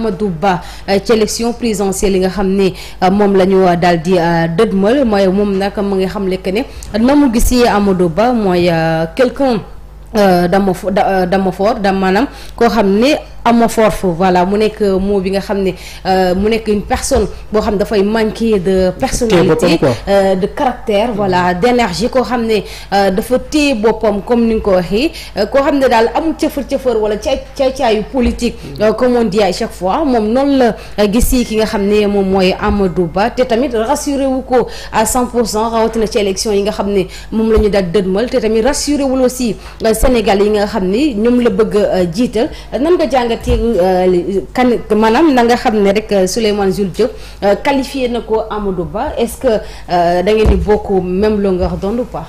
Amadou Ba euh, ci élection présidentielle yi nga xam ne euh, moom la ñu euh, daal di dëdmal mooy moom nag mu ngi xamle que ne na mu gisee Amadou Ba mooy quelqu'un dama dama fort da maanaam koo xam ne amorphe voilà mu nekk moo bi nga xam ne euh, mu nekk une personne boo xam dafay manqué de personnalité euh, de caractère voilà d'énergie koo xam ne euh, dafa téye boppam comme ni nga ko waxee koo xam ne daal amul cëfër cëfër wala caay caay caayu politique comme on dit chaque fois moom noonu la gis yi ki nga xam ne moom mooy tamit rassuré wu ko à 100 pour cent rawatina yi nga xam ne moom la ñu daal dëdmal te tamit rassuré wul aussi Sénégal yi nga xam ne ñoom la bëgg a jiital nan nga jàng jàngateegu kan maanaam na nga xam ne rek euh, Souleymane Jules Diop euh, qualifié na ko Amadou Ba est-ce que euh, da ngeen di bokk même longueur d'onde ou pas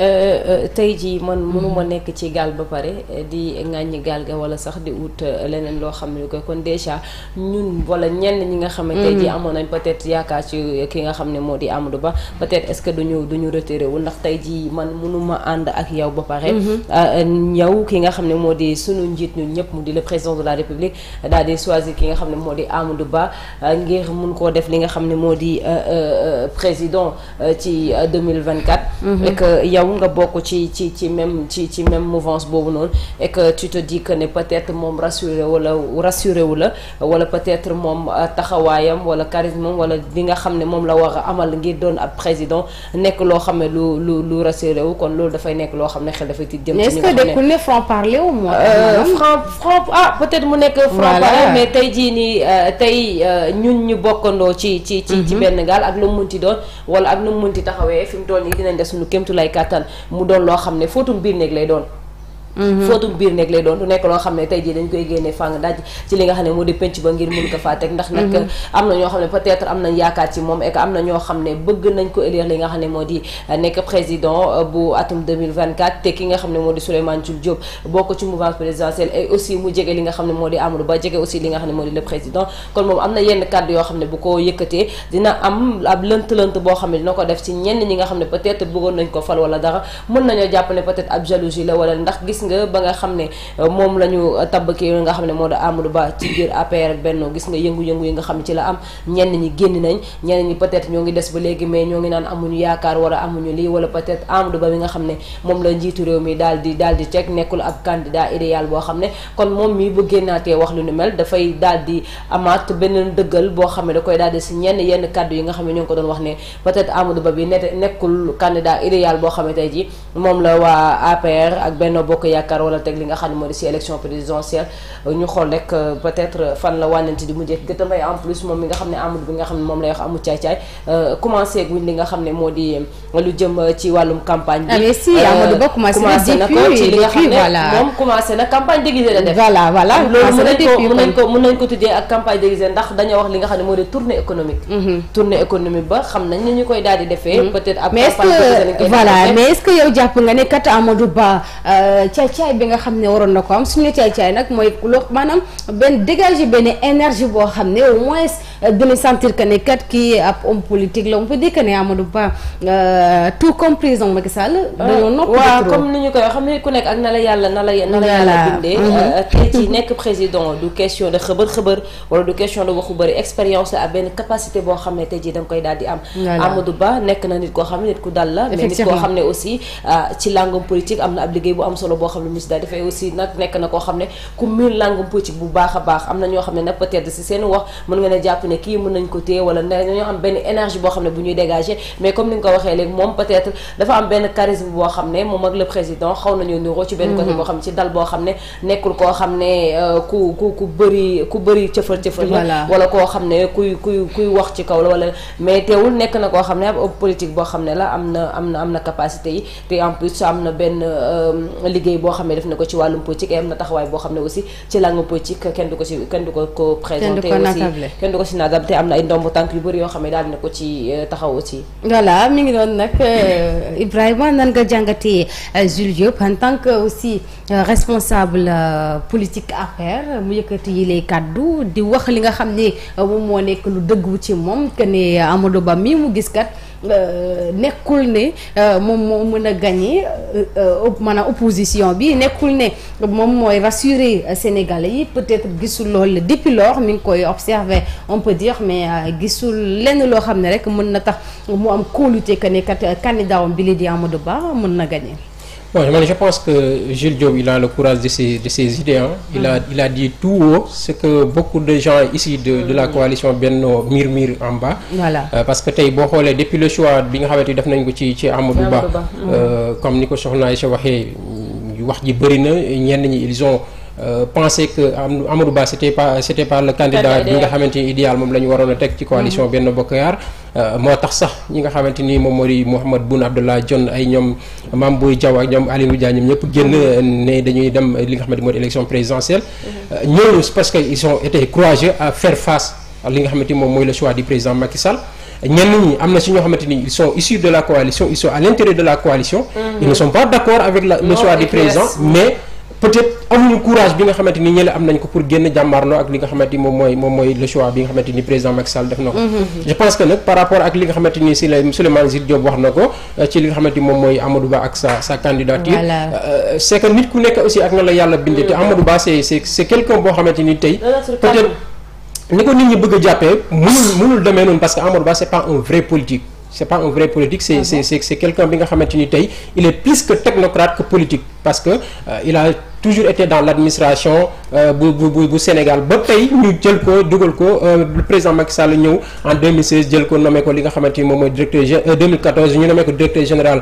Euh, euh, tey jii man mënuma hmm. nekk ci gaal ba pare eh, di ŋàññi gaal ga wala sax di wut eh, leneen loo xam ne ko kon déjà ñun wala ñenn ñi nga xam ne tey jii hmm. amoon nañ peut-être yaakaar ci ki nga xam ne moo di Amadou Ba hmm. peut-être est-ce que duñu duñu retiré wu ndax tey jii man mënuma ànd ak yow ba pare euh, yow ki nga xam ne moo di sunu njiit ñun ñëpp mu di le président de la République daal di choisir ki nga xam ne moo di Amadou Ba ngir mun koo def li nga xam ne moo di président ci deux 2024 et que yow nga bokk ci ci ci même ci ci même mouvance boobu noonu et que tu te dis que ne peut-être moom rassuré wala rassuré wu la wala moom euh, taxawaayam wala charisme wala li xam ne moom la war a amal ngir doon ab président nekk loo xam ne lu lu lu rassuré wu kon loolu dafay nekk loo xam ne xel dafay tiit jëm ci ñu euh, ah, mu nekk franc parler mais tey jii nii euh, tey ñun ñu bokkandoo ci ci ci ci mhm. benn gaal ak lu dinañ def suñu kémtu lay kàttan kattan mu doon loo xam ne fóotum biir néeg lay doon fóotum biir nekk lay doon du nekk loo xam ne tey jii dañ koy génne fàng daj ci li nga xam ne moo di penc ba ngir mun ko faa teg ndax nag am na ñoo xam ne peut-être am am ne moo di nga xam ne moo di Souleymane Jules Diop bokk ci mouvance présidentielle et ab lënt-lënt boo xam ne dina ko def ci ñenn ñi nga xam ne peut-être bëggoon nañ ko fal wala dara mën nañoo jàpp la wala ndax gis nga xam ne euh, moom la euh, tabb ki nga xam ne moo da Amadou Ba ci biir APR ak Benno gis nga yëngu-yëngu yi nga xam ne ci la am ñenn ñi génn nañ ñenn ñi peut-être ñoo ngi des ba léegi mais ñoo ngi naan amuñu yaakaar wala amuñu lii wala peut-être Amadou Ba bi nga xam ne moom la njiitu réew mi daal di daal di teg nekkul ab boo xam ne kon moom benn dëggal boo xam ne da koy daal di si ñenn yenn kàddu yi nga xam ne ñoo ngi ko doon wax ne peut-être Amadou Ba bi nekkul candidat idéal boo xam ne tey ji moom la waa APR ak Benno Bokk yaakaar wala teg li nga xam ne moo di si élection présidentielle ñu xool rek euh, peut-être euh, fan la wànnante di mujjee gëta mbay en plus moom mi nga xam ne amul bi nga xam ne moom lay na campagne déguisée la def. voilà voilà loolu mën nañ ko mën nañ ko tuddee ak campagne déguisée ndax dañoo wax li nga xam ne moo di tournée économique. Mhm. tournée économique ba xam nañ ni ñu koy daal di defee. Mhm. peut-être ab campagne déguisée voilà mais est-ce que yow jàpp nga caay-caay bi nga xam ne waroon na ko am suñu caay-caay nag mooy loo maanaam benn dégager benn énergie boo xam ne au moins dina sentir que ne kat kii ab homme politique la on peut dire que ne Amadou Ba euh, tout compris donc Macky Sall. Ah, dañoo noppi waaw comme ni ñu koy xam ne ku nekk ak na yàlla na la na la yàlla bindee. Mm-hmm. Euh, tey ci nekk président du question de xëbër du question de waxu bëri expérience la ak benn capacité boo xam ne tey da nga daal di am. Amadou Ba nekk na nit koo xam ne nit ku dal la. mais nit koo xam ne aussi euh, ci langum politique am na ab liggéey bu am solo boo xam ne Miss Daa na koo xam ne ku miin langue politique bu baax a baax am na ñoo xam ne nag peut-être ne jàpp ne kii mën dafa am benn charisme boo xam ne moom ak le président xaw nañoo niroo ci benn côté boo xam ne ci dal boo xam ne nekkul koo xam ne ku ku ku bëri ku bëri la wala koo xam ne kuy kuy wax ci kaw la wala mais teewul nekk na koo xam ne ab politique boo xam ne la am na am na am na capacité yi te en plus am na benn liggéey liggéey boo xam ne def na ko ci wàllum politique et am na taxawaay boo xam ne aussi ci làng politique kenn du ko ci kenn du ko ko présenté kenn du ko ci naatable te am na ay ndomb tànk yu bëri yoo xam ne daal na ko ci euh, taxaw aussi voilà mi ngi doon nag euh, Ibrahima nan nga jàngatee euh, Jules Diop en tant que aussi responsable politique affaire mu yëkkati yi lay kàddu di wax li nga xam ni moom moo nekk lu dëggu ci moom que ne Amadou Ba mi mu gis kat Euh, nekkul ne euh, moom moo mën a euh, man a opposition bi nekkul ne moom mooy rassurer sénégalais yi peut-être gisul loolu depuis lors mi ngi koy observer on peut dire mais gisul lenn loo xam ne rek mën na tax mu am kóolute que ne kat candidat am bi li di Amadou Ba mën na gagné. bon je pense que Jules Diop il a le courage de ses de ses idées hein. il mmh. a dit tout haut ce que beaucoup de gens ici de la coalition Benno murmurent en bas. voilà euh, parce que tey boo xoolee depuis le choix bi nga xamante ni def nañ ko ci ci Amadou Ba. Euh, comme ni ko soxna Aïcha waxee wax ji bëri na ñenn ñi ils ont. Euh, penser que Amadou Ba c'était pas c'était pas le candidat bi nga xamante ni moom la waroon a teg ci coalition mm-hmm. Benno Bokk euh, moo tax sax ñi nga xamante ni moom moo di Mouhamed Boun Abdallah ay ñoom Mame Boye Diao ak ñoom Aliou Dia ñoom ñëpp génn mm-hmm. ne dañuy dem li nga xamante moo élection présidentielle mm-hmm. euh, ñooñu parce que ils ont été courageux à faire face li nga xamante moom mooy le choix du président Macky Sall ñenn ñi am na si ñoo xamante ni ils sont issus peut-être amuñu courage bi nga xamante ni ñële am nañ ko pour génn jàmbaarloo ak li nga xamante ni moom mooy moom mooy le choix bi nga xamante ni président Macky def na ko mm-hmm. je pense que nag par rapport ak li nga xamante ni si la Souleymane Jules wax na ko euh, ci li nga xamante moom mooy Amadou ak sa sa candidature euh, c'est que nit ku nekk aussi ak na la yàlla bindee te Amadou Ba c'est c'est quelqu'un boo xamante ni tey peut-être ni ko nit ñi bëgg a jàppee mënul parce que euh, il a toujours été dans l'administration euh, bu bu bu Sénégal ba tey ñu jël ko dugal ko euh, le président Macky Sall ñëw en jël ko nommé ko li nga xamante ni moom mooy directeur gé 2014 ñu nommé xamante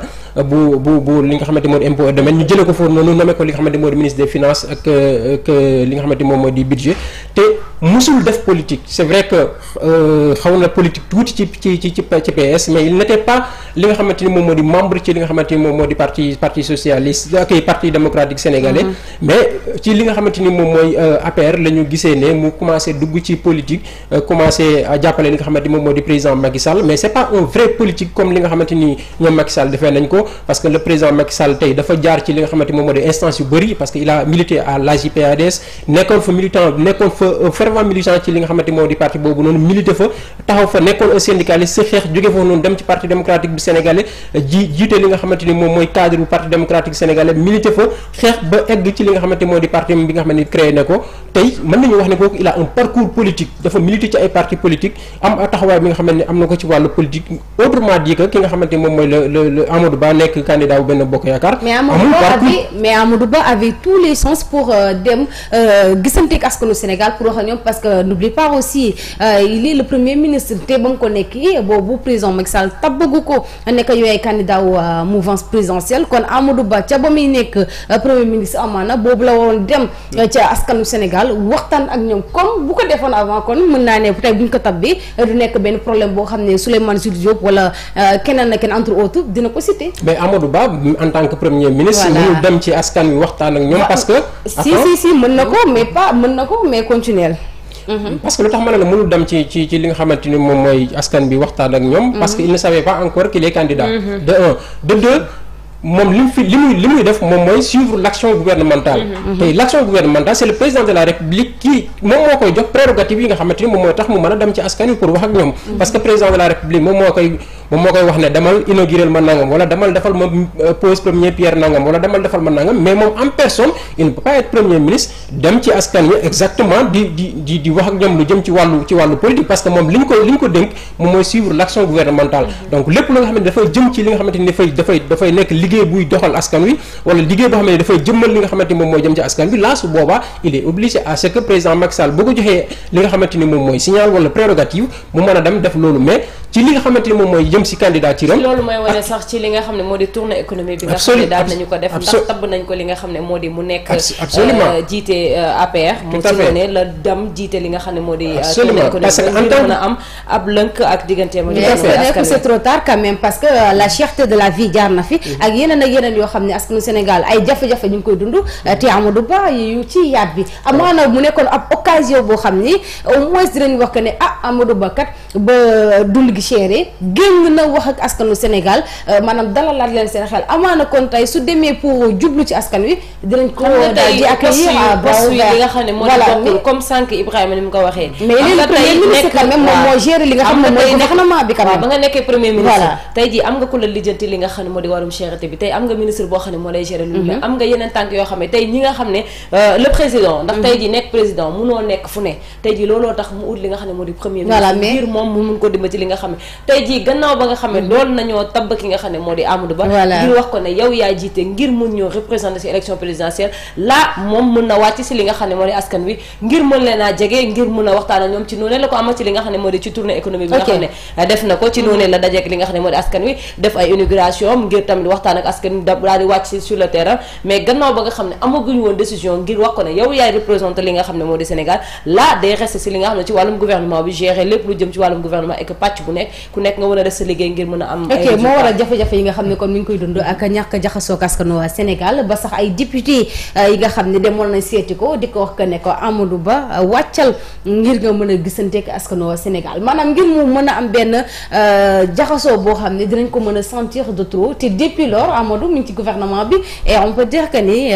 ni moo di impôt et domaine ñu jëlee ko foofu noonu nommé ko li nga ministre des finances ak li nga xamante ni moom mooy di budget te musul def politique c'est vrai que xaw na politique tuuti ci ci ci ci nga xamante ni moom moo di membre ci li nga xamante ni moom moo di parti parti socialiste parti démocratique sénégalais mm-hmm. mais euh, ci li nga xamante ni moom mooy euh, APR la gisee ne mu commencé dugg ci politique euh, commencé jàppale li nga xamante ni moom moo di président Macky mais c'est pas un vrai politique comme li nga xamante ni moom moo di instance yu bëri parce que il a milité à nekkoon fa militant ci li nga xamante moom di parti boobu noonu milité fa taxaw fa nekkoon un syndicaliste sa xeex jóge foofu noonu dem ci parti féete fa xeex ba egg ci li nga xamante moo di parti bi nga xamante ni créé na ko tey mën nañu wax ne kooku il a parcours politique dafa milité ci ay parti politique am taxawaay bi nga xamante ne am na ko ci wàllu politique autrement dit que ki nga xamante moom mooy le le Amadou Ba nekk candidat benn bokk yaakaar. mais Amadou Ba avait tous les chances pour euh, dem euh, gisanteeg askanu Sénégal pour wax ak ñoom parce que n'oublie pas aussi euh, il est le nekk euh, premier ministre amaana boobu la waroon dem euh, ca askanu Sénégal waxtaan ak ñoom comme bu ko defoon avant kon mën naa ne tey bu ñu ko tabbee euh, du nekk benn problème boo xam ne Souleymane Jules Diop wala keneen na kenn entre autres dina ko citer. mais Amadou Ba en tant que premier ministre. mënul dem ci askan wi waxtaan ak ñoom. parce que si si si mën na ko mais pas mën mhm. lu tax ma ne la dem ci ci ci li nga xamante ni moom mooy askan bi waxtaan ak ñoom. parce mhm. que il ne savait pas encore qu'il est candidat. Mhm. de un de moom li mu fi li muy li muy def moom mooy suivre l' gouvernementale. Mhm. Mhm. tey gouvernementale c' est président de la république qui moom moo koy jox prérogative yi nga xamante ni moom mooy tax mu mën a dem ci askan wi pour wax ak ñoom. Mhm. parce que président de la république moom moo koy. moom moo koy wax ne demal inaugurer ma nangam wala demal defal ma euh, pose première pierre nangam wala demal defal ma nangam mais moom en personne il ne peut premier ministre dem ci askan wi exactement di di di wax ak ñoom lu jëm ci wàllu ci wàllu politique parce que moom li ñu ko li ñu ko dénk moom mooy suivre l'action gouvernementale mm-hmm. donc lépp lu nga li nga xamante ni dafay dafay dafay nekk liggéey buy doxal askan wi wala liggéey boo xam ne dafay li nga xamante moom mooy jëm ci askan wi là su boobaa il est obligé à ce que président Macky Sall bu ko joxee li nga xamante ni moom mooy signal wala prérogative mu mën a dem def loolu mais ci li nga xamante moom mooy jëm si candidature am loolu mooy wane sax ci li nga xam ne moo di tournée économique bi nga xam ne ko xam ne moo di mu nekk absolument euh, jiite euh, APR mu ci ne la jiite li nga xam ne moo di euh, tournée économique bi mën a am ab lënk ak digganteem parce que la cherté de la vie mm-hmm. ak yeneen yoo xam ne askanu Sénégal ay jafe-jafe ñu ngi koy dund mm-hmm. yaat bi amaana mu nekkoon ab occasion boo xam ni au moins dinañ wax que ne ah Amadou Ba kat ba dund gi chéré génn na wax ak askanu Sénégal euh, maanaam dalalaat leen seen xel amaana kon tey su demee pour jublu ci askan wi dinañ ko daal di li nga xam ne moo nekk comme sànq Ibrahima waxee mais léegi premier ministre quand même moom moo géré li ne mooy gouvernement bi quand même ba ne moo di warum chérité bi tey am nga ministre boo xam ne moo lay géré lu la mhm. am nga yeneen tànk yoo xam ne tey ñi nga xam ne euh, le président ndax mhm. tey jii nekk président munoo nekk fu ne tey jii looloo tax mu ut li nga xam ne moo di premier ministre moom mun ko dimbali ci li nga xam ne tey jii gannaaw ba nga xam ne loolu mm-hmm. nañoo tabb ki nga xam ne moo di a a waxtaan ak ñoom ci noonu la eh, mm-hmm. amaguñu woon décision ngir wax ko ne yow yaay représenter li nga xam ne moo di Sénégal la day rester si li nga xam ne ci wàllum gouvernement bi gérer lépp lu jëm ci wàllum wàllum gouvernement et que pàcc bu nekk ku nekk nga war a def sa liggéey ngir mën a am ok moo waral jafe-jafe yi nga xam ne kon mi ngi koy dund ak euh, na seeti ko di ko wax que ne ko Amadou Ba euh, wàccal ngir nga mën a gisanteek askanu waa Sénégal maanaam ngir mu mën a am benn euh, jaxasoo boo xam ne dinañ ko mën a sentir de trop te depuis lors Amadou ci gouvernement bi et on ni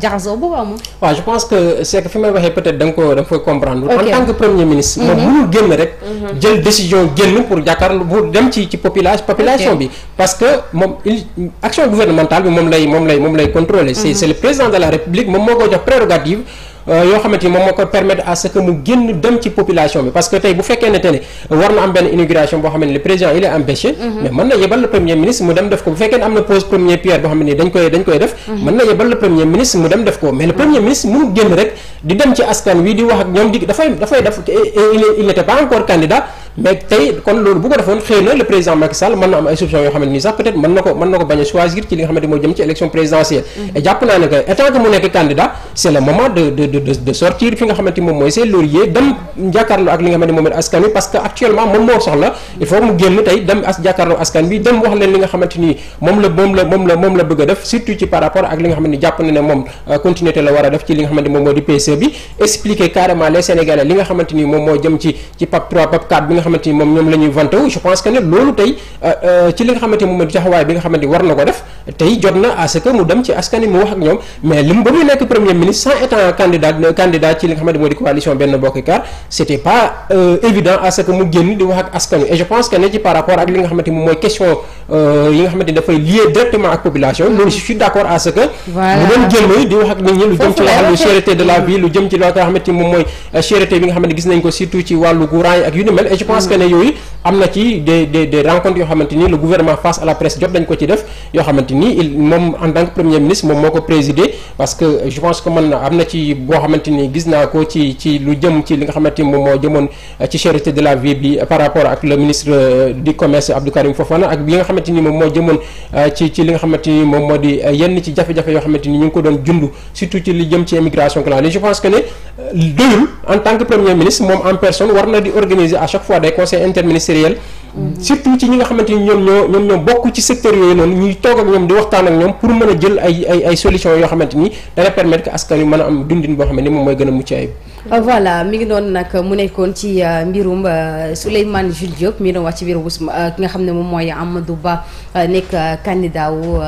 jaxasoo boobu amul waaw je pense que c'est que fi may waxee peut-être ko da koy comprendre en tant que premier ministre moom mhm. mënul génn rek jël décision génn pour jàkkaarloo pour dem ci ci population population bi parce que moom il action gouvernementale bi moom lay moom lay moom lay contrôler c'est mhm. c'est le président de la république moom moo ko jox prérogative Euh, yoo xamante ni moom moo koy permettre à ce que mu génn dem ci population bi parce que tey bu fekkee ne te ne war na am benn inauguration boo xam ne le président il est empêché mhm. mais mën na yebal le premier ministre mu dem def ko bu fekkee ne am na pose première pierre boo xam ne dañ koy dañ koy def mhm. mën na yebal le premier ministre mu dem def ko mais le mhm. premier ministre mënu génn rek di dem ci askan wi di wax ak ñoom di dafay dafay def il n'était pas encore mais tey kon loolu bu ko defoon xëy na le président Macky Sall mën na am ay solutions yoo xamante ni sax peut-être mën na ko mën na ko bañ a choisir ci li nga xamante moo jëm ci élection présidentielle mhm. et jàpp naa ne que étant que mu nekk candidat c'est le moment de de de de sortir fi nga xamante moom mooy seen laurier dem jàkkaarloo ak li nga xamante moom it askan wi parce que actuellement moom moo soxla il faut mu génn tey dem as jàkkaarloo askan bi dem wax leen li nga xamante ni moom la moom la moom la moom la bëgg a def surtout ci par rapport ak li nga xamante ni jàpp na ne moom euh, continuité la war a def ci li nga xamante moom moo di PSE bi expliquer carrément les Sénégalais li nga xamante ni moom moo jëm ci ci PAP 3 PAP 4 xamante moom ñoom la ñuy je pense que ne loolu tey euh, euh, ci li nga xamante moom mooy question euh, bi nga xamante gis nañ ko surtout ci wàllu courant ak yu ni mel pense que ne mm. yooyu am na ci des des des rencontres yoo xamante ni le gouvernement face à la presse jot dañ ko ci def yoo xamante ni moom moo jëmoon euh, euh, ci ci li nga xamante ni moom moo di euh, yenn ci jafe-jafe yoo xamante ni ñu ngi ko doon jund surtout ci li jëm ci immigration clandestine je pense que ne doyul en tant que premier ministre moom en personne war na di organiser à chaque fois day conseil conseils interministériels surtout ci ñi nga xamante ni ñoom ñoo ñoom ñoo bokk ci secteur yooyu noonu ñuy toog ak ñoom di waxtaan ak ñoom pour mën a jël ay ay ay solutions yoo xamante ni dana permettre que askan wi mën a am dundin boo xam ne moom mooy gën a mucc ayib Euh, voilà mi ngi doon nag mu nekkoon ci euh, mbirum euh, Souleymane Jules Diop mi doon wax ci mbirum Ousmane ki nga xam ne moom mooy Amadou Ba nekk candidat wu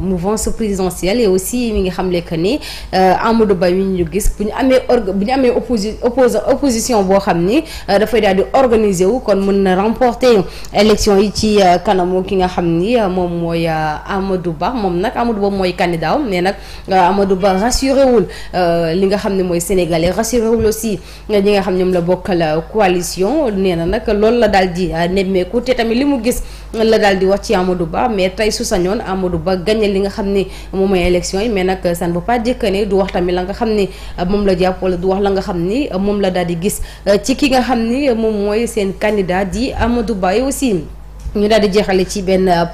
mouvance présidentielle et aussi mi ngi xamle que ni Amadou Ba mi ñu gis bu ñu amee org bu ñu amee opposi opposition boo xam ni dafay daal di organiser wu kon mën na remporter élection yi ci kanamu ki nga xam ni moom mooy Amadou Ba moom nag Amadou Ba mooy candidat am mais nag Amadou Ba li nga xam ne mooy sénégalais rassuré teewul aussi ñi nga xam ñoom la bokkal euh, coalition nee na nag loolu la daal di euh, nemmeeku te tamit li mu gis la daal di wax ci Amadou Ba mais tey su sañoon Amadou Ba gagné li nga xam ne moom mooy élection yi mais nag ça ne veut pas dire du wax tamit la nga xam ni euh, moom la jàpp wala du wax la nga xam ni moom la daal di gis ci ki nga xam ni moom mooy seen candidat di Amadou Ba aussi ñu daal di jeexale ci benn